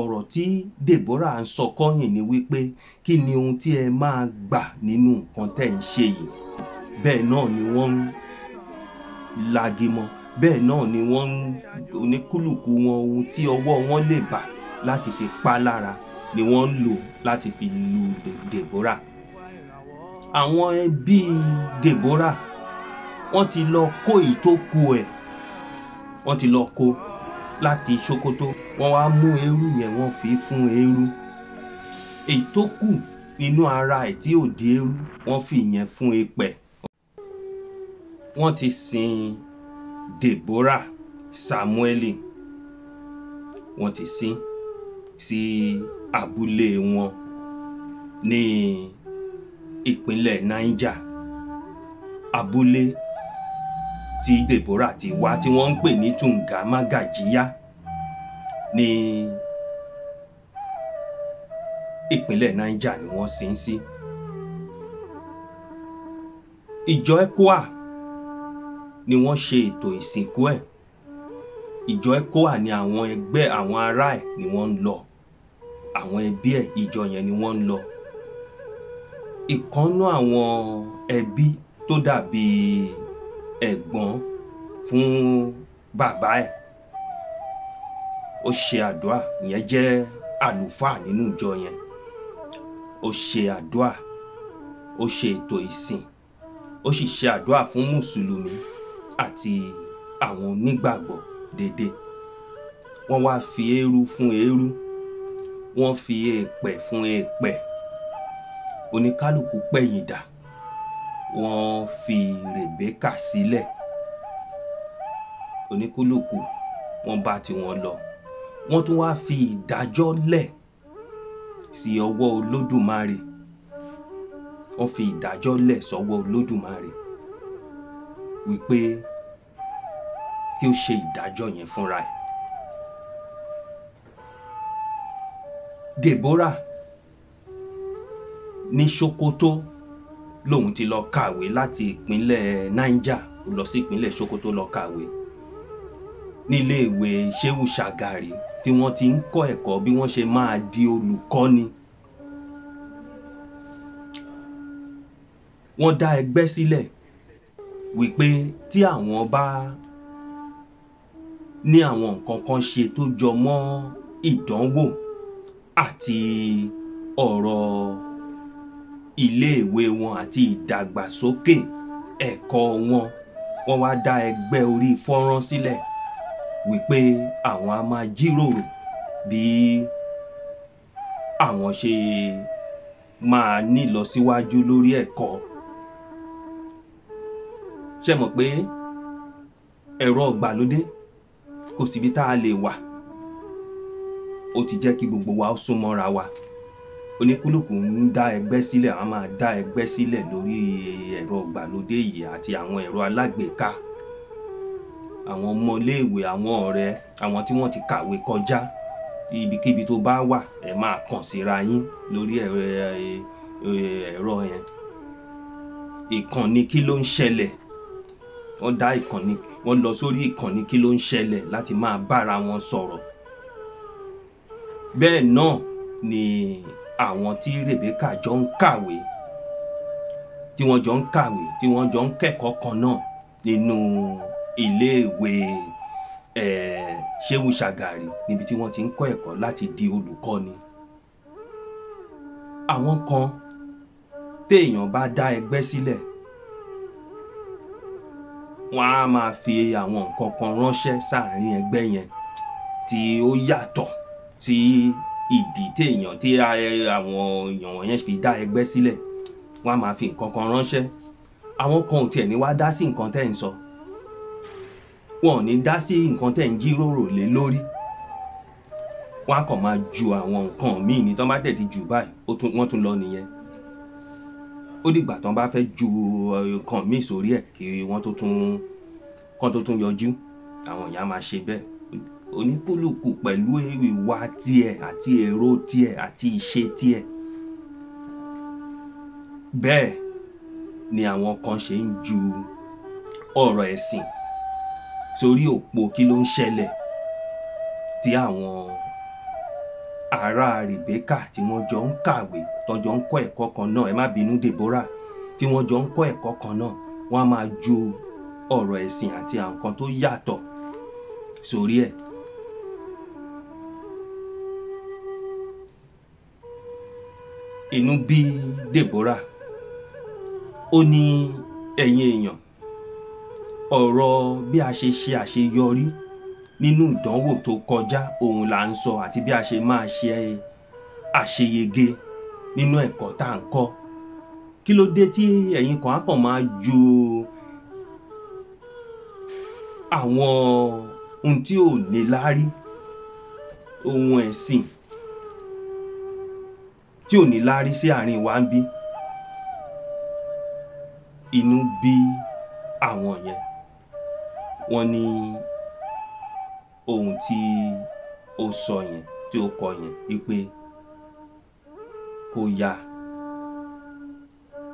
ọ̀rọ̀ tí Deborah ń sọ kọ́yìn ni wípé kí ni ohun tí ẹ máa gbà nínú nǹkan tẹ́ ń ṣe yìí bẹ́ẹ̀ náà ni wọ́n ń lagimọ bẹ́ẹ̀ náà ni wọ́n ń oníkúlùkù wọn ohun tí ọwọ́ wọn lè bà láti fi pa lára ni wọ́n ń lò láti fi lu Deborah àwọn ẹbí Deborah wọ́n ti lọ kó ìtókù ẹ̀ wọ́n ti lọ kó láti Sokoto wọ́n wá mú eérú yẹn wọ́n fi fún eérú èyí tó kù nínú ara ẹ̀ tí ò di eérú wọ́n fi yẹn fún Ẹ̀pẹ̀ wọ́n ti sin Deborah Samueli wọ́n ti sin sí abúlé wọn ní ìpínlẹ̀ Niger abúlé tí Deborah ti wá tí wọ́n ń pè ní Tunga Magajiya ní ìpínlẹ̀ Niger ni wọ́n sin sí. Ìjọ ECWA ni wọ́n ṣe ètò ìsìnkú ẹ̀ ìjọ ECWA ni àwọn ẹgbẹ́ àwọn ará ẹ̀ ni wọ́n ń lọ àwọn ẹbí ẹ̀ ìjọ yẹn ni wọ́n ń lọ ìkànnú àwọn ẹbí tó dàbí ẹ̀gbọ́n fún bàbá ẹ̀ ó ṣe àdúà ìyẹn jẹ́ àlùfáà nínú ìjọ yẹn ó ṣe àdúà ó ṣe ètò ìsìn ó sì ṣe àdúà fún mùsùlùmí àti àwọn onígbàgbọ́ dédé wọ́n wá fi eérú fún eérú wọ́n fi èèpẹ̀ fún èèpẹ̀ oníkálukú pẹ̀yìn dà wọ́n fi Rèbékà sílẹ̀ oníkúlùkù wọ́n bá tiwọn lọ wọ́n tún wáá fi ìdájọ́ lẹ̀ sí ọwọ́ Olódùmarè wọ́n fi ìdájọ́ lẹ̀ sọ́wọ́ Olódùmarè wípé kí ó ṣe ìdájọ́ yẹn fúnra ẹ̀. Deborah ní Sokoto lòun ti lọ kàwé láti ìpínlẹ̀ Niger lọ sí ìpínlẹ̀ Sokoto lọ kàwé níléèwé Shehu Shagari tí wọ́n ti ń kọ́ ẹ̀kọ́ bí wọ́n ṣe máa di olùkọ́ni. wọ́n dá ẹgbẹ́ sílẹ̀ wípé tí àwọn bá ní àwọn nǹkan kan ṣe tó jọ mọ́ ìdánwò àti ọ̀rọ̀ ilé-ìwé wọn àti ìdàgbàsókè ẹ̀kọ́ wọn wọ́n wá dá ẹgbẹ́ orí fọ́nrán sílẹ̀ wípé àwọn á máa jíròrò bí àwọn ṣe máa ní ìlọsíwájú lórí ẹ̀kọ́ ṣe mọ̀ pé ẹ̀rọ ìgbàlódé kò síbi tá a lè wà ó ti jẹ́ kí gbogbo wa ó súnmọ́ra wa oníkúlùkù ń dá ẹgbẹ́ sílẹ̀ a máa dá ẹgbẹ́ sílẹ̀ lórí ẹ̀rọ ìgbàlódé yìí àti àwọn ẹ̀rọ alágbèéká àwọn ọmọléèwé àwọn ọ̀rẹ́ àwọn tí wọ́n ti kàwé kọjá ibikíbi tó bá wà ẹ máa kàn síra yín lórí ẹ̀rọ yẹn ìkànnì kí ló ń ṣẹlẹ̀ wọ́n dá ìkànnì wọ́n lọ sórí ìkànnì kí ló ń ṣẹlẹ̀ láti máa bára wọn sọ̀rọ̀ bẹ́ẹ̀ náà ni àwọn tí Rèbékà jọ ń kàwé tí wọ́n jọ ń kàwé tí wọ́n jọ ń kẹ́kọ̀ọ́ kan náà nínú iléèwé Ṣéwù Ṣàgàrí níbi tí wọ́n ti ń kọ́ ẹ̀kọ́ láti di olùkọ́ni àwọn kan téèyàn bá dá ẹgbẹ́ sílẹ̀ wọ́n á máa fi àwọn nǹkan kan ránṣẹ́ sáàárín ẹgbẹ́ yẹn tí ó yàtọ̀ sí ìdí téèyàn tí eh, àwọn èèyàn wọ̀nyẹn fi dá ẹgbẹ́ sílẹ̀ wọ́n á máa fi nǹkan kan ránṣẹ́ àwọn kan ò tiẹ̀ ní wá dá sí nǹkan tẹ́ ń sọ wọn ò ní dá sí nǹkan tẹ́ ń jíròrò lé lórí wọ́n á kàn máa ju àwọn nǹkan míì ní tán bá tẹ̀ ti jù báyìí wọ́n tún lọ nìyẹn ó dìgbà tán bá fẹ́ ju eh, nǹkan míì sórí ẹ̀ kí wọ́n tó tún kán tó tún yọjú àwọn èèyàn á máa ṣe bẹ́ẹ̀ oníkúlùkù pẹ̀lú ìwà tiẹ̀ àti èrò tiẹ̀ àti ìṣe tiẹ̀ bẹ́ẹ̀ ni àwọn kan ṣe ń ju ọ̀rọ̀ ẹ̀sìn sórí òpó kí ló ń ṣẹlẹ̀ tí àwọn ará Rèbékà tí wọ́n jọ ń kàwé tán jọ ń kọ́ ẹ̀kọ́ kan náà ẹ má bínú Dèbórà tí wọ́n jọ ń kọ́ ẹ̀kọ́ kan náà wọ́n á máa ju ọ̀rọ̀ ẹ̀sìn àti àǹkan tó yàtọ̀ sórí ẹ̀ inú bí Deborah ó ní ẹ̀yin èèyàn ọ̀rọ̀ bí a ṣe ṣe àṣeyọrí nínú ìdánwò tó kọjá ohun là ń sọ àti bí a ṣe máa ṣe àṣeyege nínú ẹ̀kọ́ tá à ń kọ́ kí ló dé tí ẹ̀yin kan á kàn máa ju àwọn ohun tí ò níláárí ohun ẹ̀sìn tí ò ní láárí sí àárín wa ń bí inú bí àwọn yẹn wọ́n ní ohun tí ó sọ yẹn tí ó kọ yẹn wípé kó ya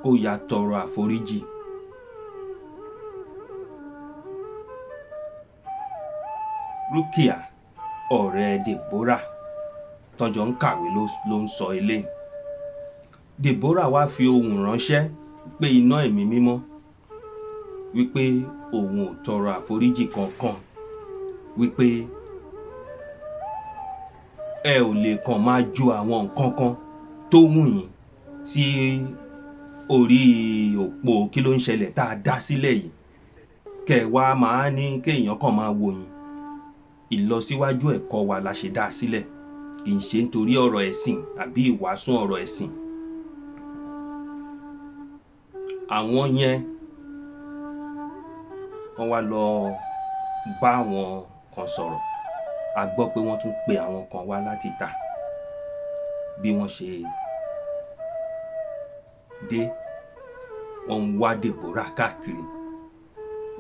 kó ya tọrọ àforíjì Rúkìá ọ̀rẹ́ Dèbórà tọ́jọ́ ń kàwé ló ń sọ eléyìí Deborah wá fi ohùn ránṣẹ́ pé iná ẹ̀mí mímọ́ wípé òun ò tọrọ àforíjì kankan wípé ẹ ò lè kàn máa ju àwọn nǹkan kan tó wù yín sí orí òpó kí ló ń ṣẹlẹ̀ tá a dá sílẹ̀ yìí kẹ̀ wá máa ní kéèyàn kàn máa wò yín ìlọsíwájú ẹ̀kọ́ wa la ṣe dá sílẹ̀ kì í ṣe nítorí ọ̀rọ̀ ẹ̀sìn àbí ìwàásù ọ̀rọ̀ ẹ̀sìn àwọn yẹn wọ́n wá lọ bá àwọn kan sọ̀rọ̀ a gbọ́ pé wọ́n tún pe àwọn kan wá láti ta bí wọ́n ṣe dé wọ́n ń wá Deborah káàkiri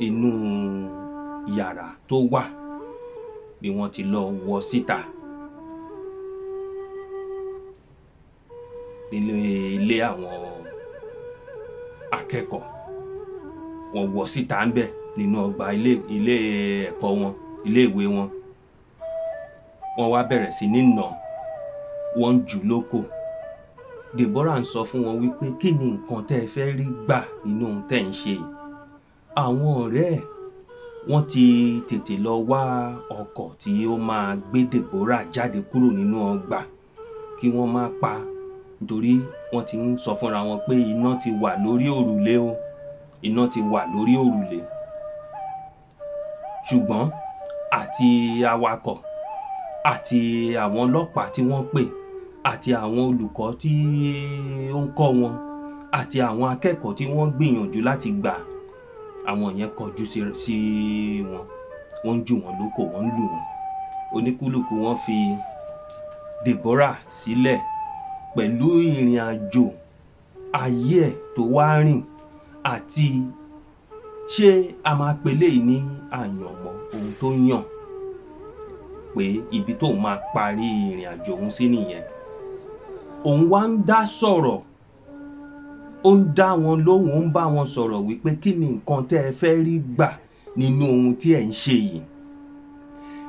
inú yàrá tó wà bí wọ́n ti lọ wọ́ síta nílé ilé àwọn akẹ́kọ̀ọ́ wọ́n wọ̀ síta ń bẹ̀ nínú ọgbà ilé ẹ̀kọ́ wọn ilé ìwé wọn wọ́n wá bẹ̀rẹ̀ sí ní nà wọ́n ń jù lóko Deborah ń sọ fún wọn wípé kí ni nǹkan tẹ́ ẹ fẹ́ rí gbà nínú ohun tẹ́ ń ṣe àwọn ọ̀rẹ́ ẹ̀ wọ́n ti tètè lọ wá ọkọ̀ tí ó máa gbé Deborah jáde kúrò nínú ọgbà kí wọ́n má pa nítorí wọ́n ti ń sọ fúnra wọn pé iná ti wà lórí òrùlé o iná ti wà lórí òrùlé ṣùgbọ́n àti awakọ̀ àti àwọn ọlọ́pàá tí wọ́n pè àti àwọn olùkọ́ tí ó ń kọ́ wọn àti àwọn akẹ́kọ̀ọ́ tí wọ́n gbìyànjú láti gbà àwọn yẹn kọjú sí wọn wọ́n ń jù wọ́n lókò wọ́n ń lù wọ́n oníkúlùkù wọn fi Deborah sílẹ̀ si pẹ̀lú ìrìn àjò ayé ẹ̀ tó wá rìn àti ṣé a máa pe eléyìí ní àyànmọ́ ohun tó yàn pé ibi tóun máa parí ìrìn àjò òun sí nìyẹn òun wá ń dá sọ̀rọ̀ ó ń dá wọn lóhùn ó ń bá wọn sọ̀rọ̀ wípé kí ni nǹkan tẹ́ ẹ fẹ́ rí gbà nínú ohun tí ẹ̀ ń ṣe yìí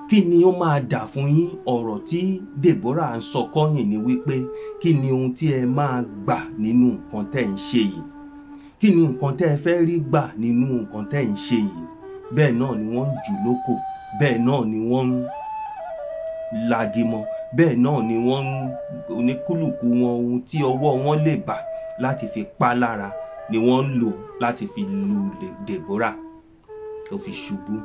kí ni ó máa dà fún yín ọ̀rọ̀ tí Deborah ń sọ kọ́yìn ni wípé kí ni ohun tí ẹ máa gbà nínú nǹkan tẹ́ ń ṣe yìí kí ni nǹkan tẹ́ ẹ fẹ́ rí gbà nínú nǹkan tẹ́ ń ṣe yìí bẹ́ẹ̀ náà ni wọ́n ń jù lóko bẹ́ẹ̀ náà ni wọ́n ń lagimọ bẹ́ẹ̀ náà ni wọ́n ń oníkúlùkù wọn ohun tí ọwọ́ wọn lè bà láti fi pa lára ni wọ́n ń lò láti fi lu Deborah ó fi ṣubú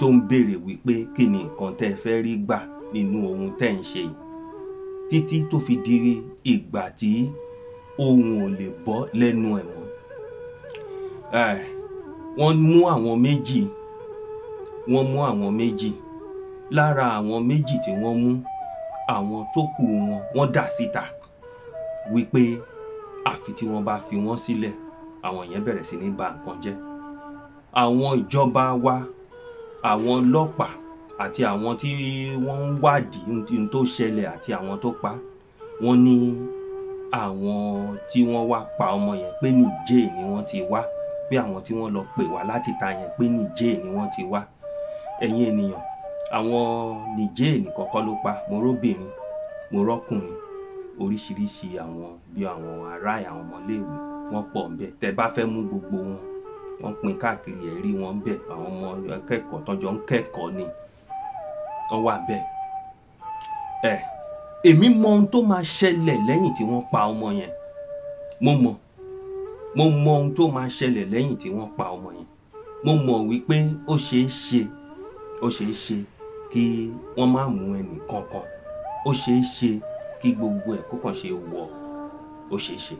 tó ń béèrè wípé kí ni nǹkan tẹ́ ẹ fẹ́ rí gbà nínú ohun tẹ́ ń ṣe yìí títí tó fi di ìgbà tí ohun ò lè bọ́ lẹ́nu ẹ̀ mọ́ wọ́n mú àwọn méjì wọ́n mú àwọn méjì lára àwọn méjì tí wọ́n mú àwọn tó kù wọn wọ́n dà síta wípé àfi tí wọ́n bá fi wọ́n sílẹ̀ àwọn yẹn bẹ̀rẹ̀ sí ní ba nǹkan jẹ́ àwọn ìjọba wa àwọn ọlọ́pàá àti àwọn tí wọ́n ń wádìí ohun tó ṣẹlẹ̀ àti àwọn tó pa wọ́n ní àwọn tí wọ́n wá pa ọmọ yẹn pé Nìjéè ni wọ́n ti wá pé àwọn tí wọ́n lọ pè wá láti ta yẹn pé Nìjéè ni wọ́n ti wá ẹ̀yin ènìyàn àwọn Nìjéè nìkan kọ́ ló pa mo róbìnrin mo rọ́kùnrin oríṣiríṣi àwọn bí àwọn ará àwọn ọmọléèwé wọ́n pọ̀ ń bẹ tẹ́ bá fẹ́ mú gbogbo wọn wọ́n pín káàkiri ẹ̀ rí wọn bẹ̀ àwọn ọmọ akẹ́kọ̀ọ́ tọ́jọ́ ń kẹ́kọ̀ọ́ ni wọ́n wà bẹ́ẹ̀ ẹ̀ èmi mọ ohun tó máa ṣẹlẹ̀ lẹ́yìn tí wọ́n pa ọmọ yẹn mo mọ̀ mo mọ ohun tó máa ṣẹlẹ̀ lẹ́yìn tí wọ́n pa ọmọ yẹn mo mọ̀ wípé ó ṣeé ṣe ó ṣeé ṣe kí wọ́n má mú ẹnì kankan ó ṣeé ṣe kí gbogbo ẹ̀ kó kàn ṣe wọ̀ ó ṣeé ṣe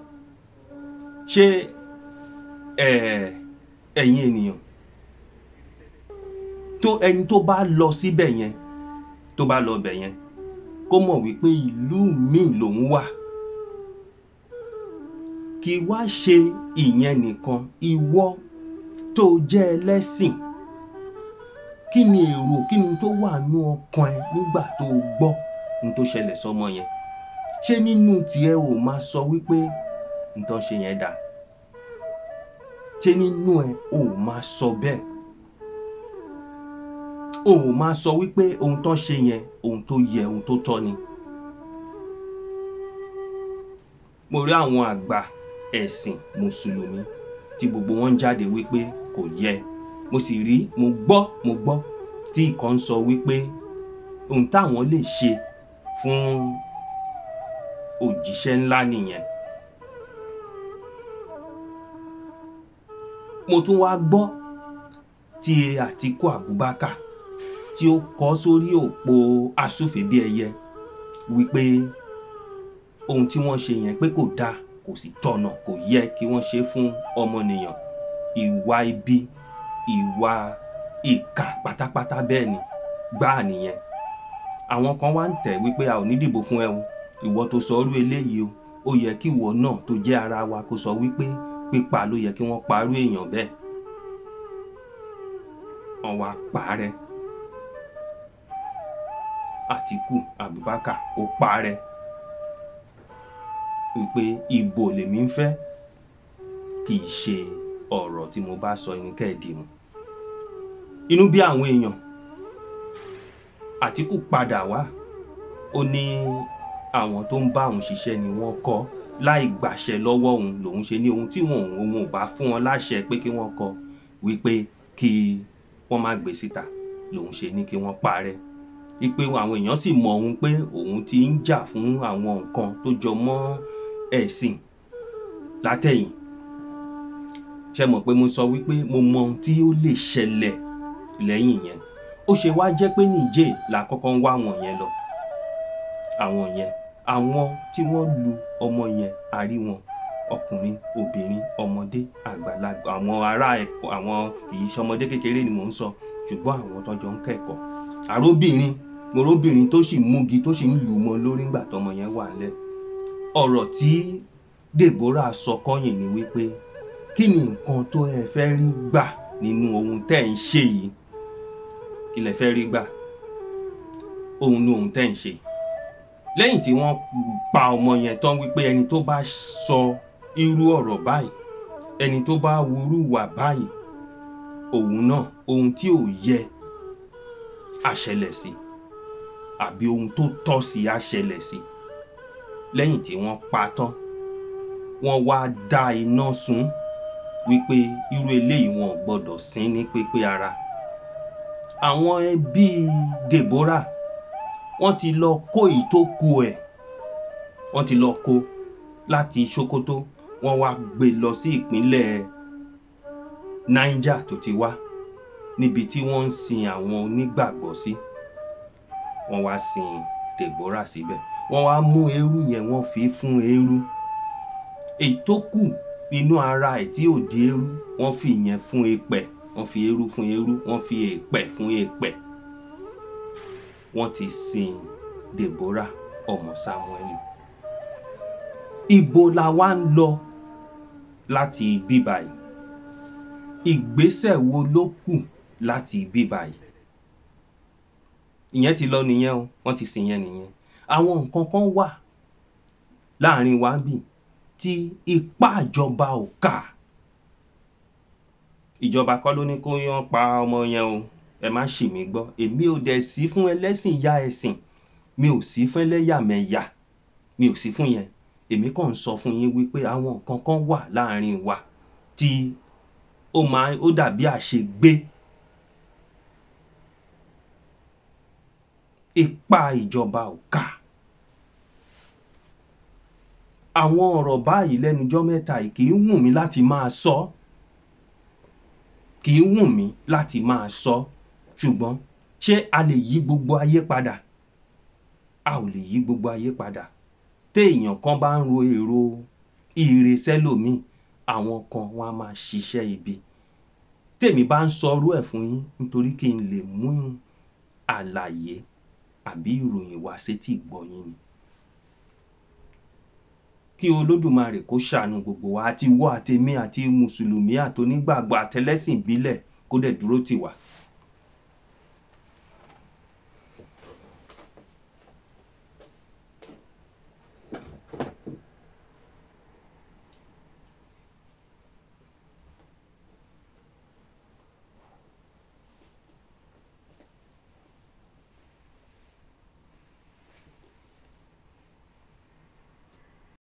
ṣé ẹ̀ẹ́ ẹ̀yin ènìyàn tó ẹni tó bá lọ síbẹ̀ yẹn tó bá lọ bẹ̀ yẹn kó mọ̀ wípé ìlú míì lòun wà kì í wá ṣe ìyẹn nìkan ìwọ tó jẹ́ ẹlẹ́sìn kí ni èrò kí ni tó wà nú ọkàn ẹ nígbà tó o gbọ́ ní tó ṣẹlẹ̀ sọmọ yẹn ṣé nínú tiẹ̀ ò máa sọ wípé nǹkan ṣe yẹn dáa ṣé nínú ẹ ò máa sọ bẹ́ẹ̀ ò máa sọ wípé ohun tó ṣe yẹn ohun tó yẹ ohun tó tọ́ ni mo rí àwọn àgbà ẹ̀sìn mùsùlùmí tí gbogbo wọn jáde wípé kò yẹ mo sì rí mo gbọ́ mo gbọ́ tí ìkan sọ wípé ohun táwọn lè ṣe fún òjíṣẹ́ ńlá nìyẹn mo tún wá gbọ́ tí Àtíkù Abubakar tí ó kọ sórí òpó asòfin bí ẹyẹ wípé ohun tí wọ́n ṣe yẹn pé kò dáa kò sì tọ̀nà kò yẹ kí wọ́n ṣe fún ọmọnìyàn ìwà ibi ìwà ìkà pátápátá bẹ́ẹ̀ ni gbáà nìyẹn àwọn kan wá ń tẹ̀ wípé a ò ní dìbò fún ẹ o ìwọ tó sọ ọrú eléyìí o ó yẹ kí ìwọ náà tó jẹ́ ara wa kó sọ wípé pípa ló yẹ kí wọ́n parú èèyàn bẹ́ẹ̀ wọ́n wá parẹ́ Àtíkù Abubakar ó parẹ́ wípé ìbò lèmi ń fẹ́ kì í ṣe ọ̀rọ̀ tí mo bá sọ ní kẹ́ẹ̀dì mu inú bí àwọn èèyàn Àtíkù padà wá ó ní àwọn tó ń bá òun ṣiṣẹ́ ni wọ́n kọ́ ọ́ láì gbàṣẹ lọ́wọ́ òun lòun ṣe ní ohun tí wọn òun ò bá fún wọn láṣẹ pé kí wọ́n kọ wípé kí wọ́n má gbé síta lòun ṣe ní kí wọ́n parẹ́ ipe àwọn èèyàn sì mọ òun pé òun ti ń jà fún àwọn nǹkan tó jọ mọ́ ẹ̀sìn látẹ̀yìn ṣe mọ̀ pé mo sọ wípé mo mọ ohun tí ó lè ṣẹlẹ̀ lẹ́yìn yẹn ó ṣe wá jẹ́ pé níjẹ́ là ń wá àwọn yẹn lọ àwọn yẹn àwọn tí wọ́n lu ọmọ yẹn a rí wọn ọkùnrin obìnrin ọmọdé àgbàlagbà àwọn ará ẹ̀kọ́ àwọn kìí ṣọmọdé kékeré ni mò ń sọ ṣùgbọ́n àwọn tọ́jọ́ ń kẹ́kọ̀ọ́ àróbìnrin mọ̀rọ́bìnrin tó sì múgi tó sì ń lù mọ́ lórí ńgbà tọmọ yẹn wà ńlẹ̀ ọ̀rọ̀ tí Deborah sọ kọ́yìn ni wípé kí ni nǹkan tó ẹ fẹ́ rí gbà nínú ohun tẹ́ ń ṣe yìí kí lẹ fẹ́ rí gbà ohun ni ohun tẹ́ ń ṣe yìí lẹ́yìn tí wọ́n pa ọmọ yẹn tán wípé ẹni tó bá sọ irú ọ̀rọ̀ báyìí ẹni tó bá wúrú wà báyìí òun náà ohun tí ò yẹ àṣẹlẹ̀ sí àbí ohun tó tọ́ sí àṣẹlẹ̀ sí lẹ́yìn tí wọ́n pa tán wọ́n wá dá iná sun wípé irú eléyìí wọn gbọ́dọ̀ sín ní pípé ara àwọn ẹbí Deborah wọ́n ti lọ kó èyí tó kù ẹ̀ wọ́n ti lọ kó láti Sokoto wọ́n wá gbé e lọ sí ìpínlẹ̀ Niger tó ti wá níbi tí wọ́n ń sin àwọn onígbàgbọ́ sí wọ́n wá sin Deborah síbẹ̀ wọ́n wá mú eérú yẹn wọ́n fi fún eérú èyí tó kù nínú ara ẹ̀ tí ò di eérú wọ́n fi ìyẹn fún èèpẹ̀ wọ́n fi eérú fún eérú wọ́n fi èèpẹ̀ fún èèpẹ̀ wọ́n ti sin Deborah ọmọ Samuel ibo la wá ń lọ láti ibí báyìí ìgbésẹ̀ wo ló kù láti ibí báyìí ìyẹn ti lọ nìyẹn o wọ́n ti sìn yẹn nìyẹn àwọn nǹkan kan wà láàrin wa ń bì tí ìjọba ò kà ìjọba kọ́ ló ní kó yán pa ọmọ yẹn o ẹ má ṣì mí gbọ́ èmi ò dẹ̀ sí fún ẹlẹ́sìn ya ẹ̀sìn mi ò sí fún ẹlẹ́yàmẹ̀yà mi ò sí fún yẹn èmi kàn ń sọ fún yín wípé àwọn nǹkan kan wà láàrin wa tí ó máa ó dàbí àṣegbé ipá ìjọba ò ká àwọn ọ̀rọ̀ báyìí lẹ́nujọ́ mẹ́ta yìí kì í wù mí láti máa sọ kì í wù mí láti máa sọ. So ṣùgbọ́n ṣé a lè yí gbogbo ayé padà a ò lè yí gbogbo ayé padà téèyàn kan bá ń ro èrò ire sẹ́lòmíì àwọn kan wọn a máa ṣiṣẹ́ ibi tèmi bá ń sọrú ẹ̀ fún yín nítorí kí n lè mú àlàyé àbí ìròyìn wá sétí ìgbọ́ yín ni kí olódùmarè kó ṣàánú gbogbo wa àtiwọ́ àtèmi àti mùsùlùmí àtonígbàgbọ́ àtẹlẹ́sìn ìbílẹ̀ kó dẹ̀ dúró tì wá